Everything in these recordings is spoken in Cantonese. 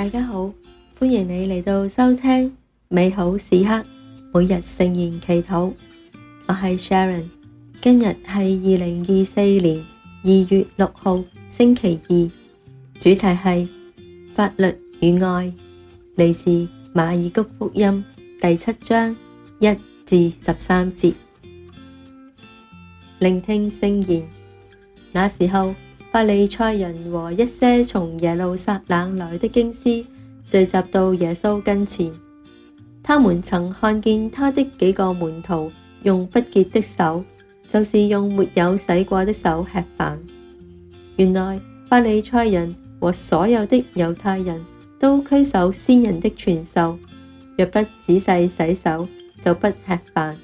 大家好，歡迎你嚟到收聽美好時刻，每日聖言祈禱。我係 Sharon，今日係二零二四年二月六號星期二，主題係法律與愛，嚟自馬爾谷福音第七章一至十三節，聆聽聖言。那時候，法利賽人和一些從耶路撒冷來的經師聚集到耶穌跟前，他們曾看見他的幾個門徒用不潔的手，就是用沒有洗過的手吃飯。原來法利賽人和所有的猶太人都拘守先人的傳授，若不仔細洗手就不吃飯；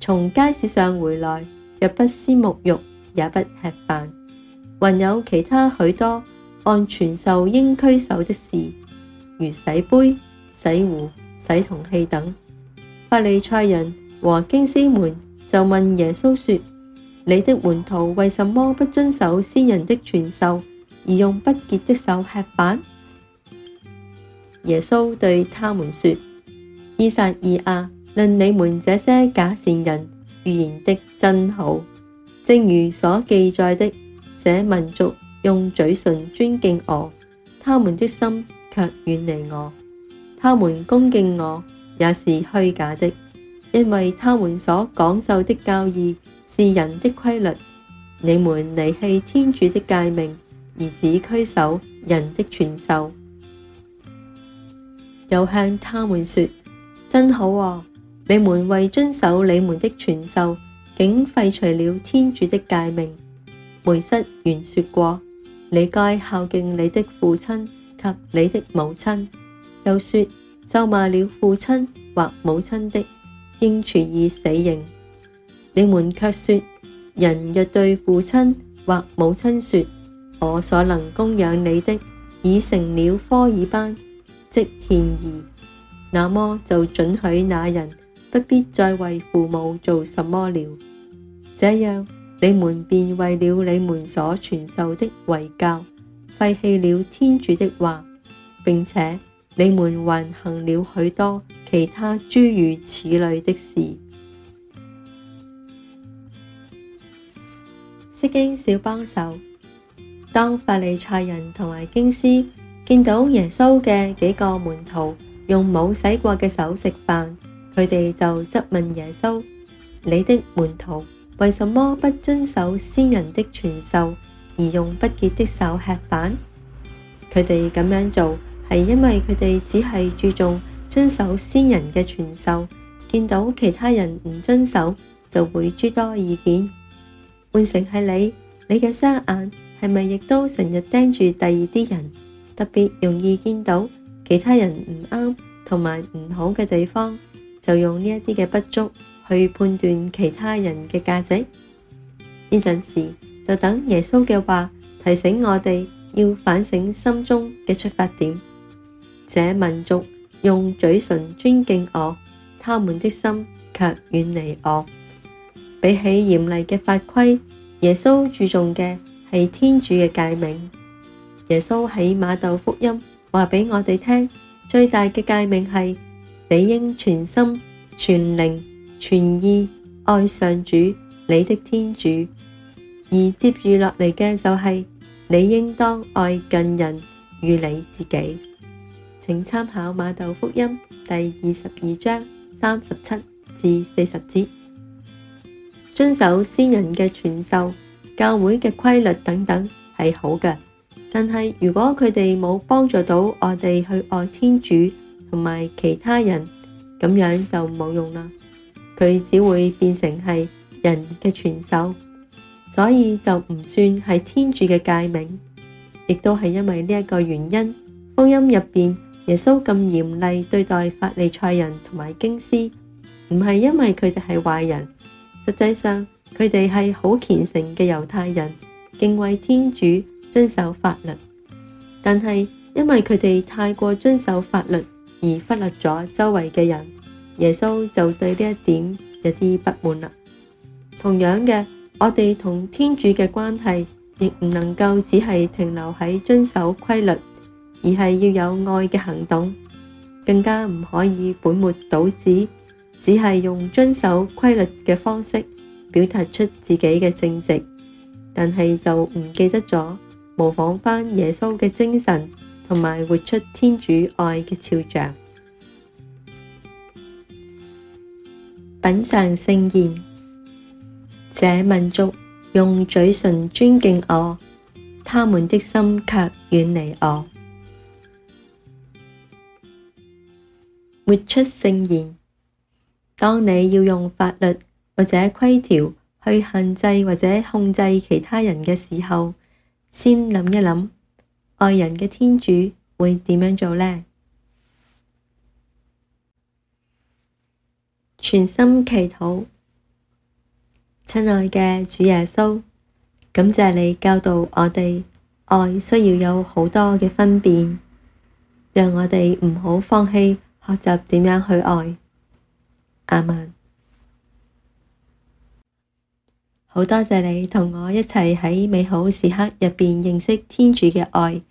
從街市上回來，若不先沐浴也不吃飯。還有其他許多按傳授應拘守的事，如洗杯、洗壺、洗銅器等。法利賽人和經師們就問耶穌說：你的門徒為什麼不遵守先人的傳授，而用不潔的手吃飯？耶穌對他們說：依撒意亞，論你們這些假善人，預言的真好，正如所記載的。這民族用嘴唇尊敬我，他們的心卻遠離我。他們恭敬我也是虛假的，因為他們所講授的教義是人的規律。你們離棄天主的誡命，而只拘守人的傳授。又向他們說：真好啊！你們為遵守你們的傳授，竟廢除了天主的誡命。梅瑟原說過：你該孝敬你的父親及你的母親。又說：咒罵了父親或母親的，應處以死刑。你們卻說：人若對父親或母親說：我所能供養你的，已成了科爾班，即獻儀，那麼就准許那人不必再為父母做什麼了。這樣。你們便為了你們所傳授的遺教，廢棄了天主的話，並且你們還行了許多其他諸如此類的事。釋經小幫手，當法利賽人同埋經師見到耶穌嘅幾個門徒用冇洗過嘅手食飯，佢哋就質問耶穌：「你的門徒？為什麼不遵守先人的傳授，而用不潔的手吃飯？佢哋咁樣做係因為佢哋只係注重遵守先人嘅傳授，見到其他人唔遵守就會諸多意見。換成係你，你嘅雙眼係咪亦都成日盯住第二啲人？特別容易見到其他人唔啱同埋唔好嘅地方，就用呢一啲嘅不足。去判斷其他人嘅價值，呢陣時就等耶穌嘅話提醒我哋要反省心中嘅出發點。這民族用嘴唇尊敬我，他們的心卻遠離我。比起嚴厲嘅法規，耶穌注重嘅係天主嘅誡命。耶穌喺馬竇福音話畀我哋聽，最大嘅誡命係你應全心全靈。全意愛上主你的天主，而接住落嚟嘅就係、是、你應當愛近人與你自己，請參考馬竇福音第二十二章三十七至四十節。遵守先人嘅傳授、教會嘅規律等等係好嘅，但係如果佢哋冇幫助到我哋去愛天主同埋其他人，咁樣就冇用啦。佢只會變成係人嘅傳授，所以就唔算係天主嘅誡命，亦都係因為呢一個原因，福音入邊，耶穌咁嚴厲對待法利賽人同埋經師，唔係因為佢哋係壞人，實際上佢哋係好虔誠嘅猶太人，敬畏天主，遵守法律。但係因為佢哋太過遵守法律，而忽略咗周圍嘅人。耶穌就對呢一點有啲不滿啦。同樣嘅，我哋同天主嘅關係亦唔能夠只係停留喺遵守規律，而係要有愛嘅行動。更加唔可以本末倒置，只係用遵守規律嘅方式表達出自己嘅正直，但係就唔記得咗模仿翻耶穌嘅精神，同埋活出天主愛嘅肖像。品嚐聖言，這民族用嘴唇尊敬我，他們的心卻遠離我。活出聖言，當你要用法律或者規條去限制或者控制其他人嘅時候，先諗一諗，愛人嘅天主會點樣做呢？全心祈禱，親愛嘅主耶穌，感謝你教導我哋愛需要有好多嘅分辨，讓我哋唔好放棄學習點樣去愛。阿們，好多謝你同我一齊喺美好時刻入邊認識天主嘅愛，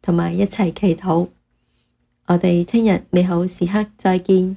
同埋一齊祈禱。我哋聽日美好時刻再見。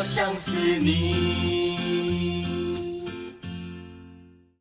我想死你。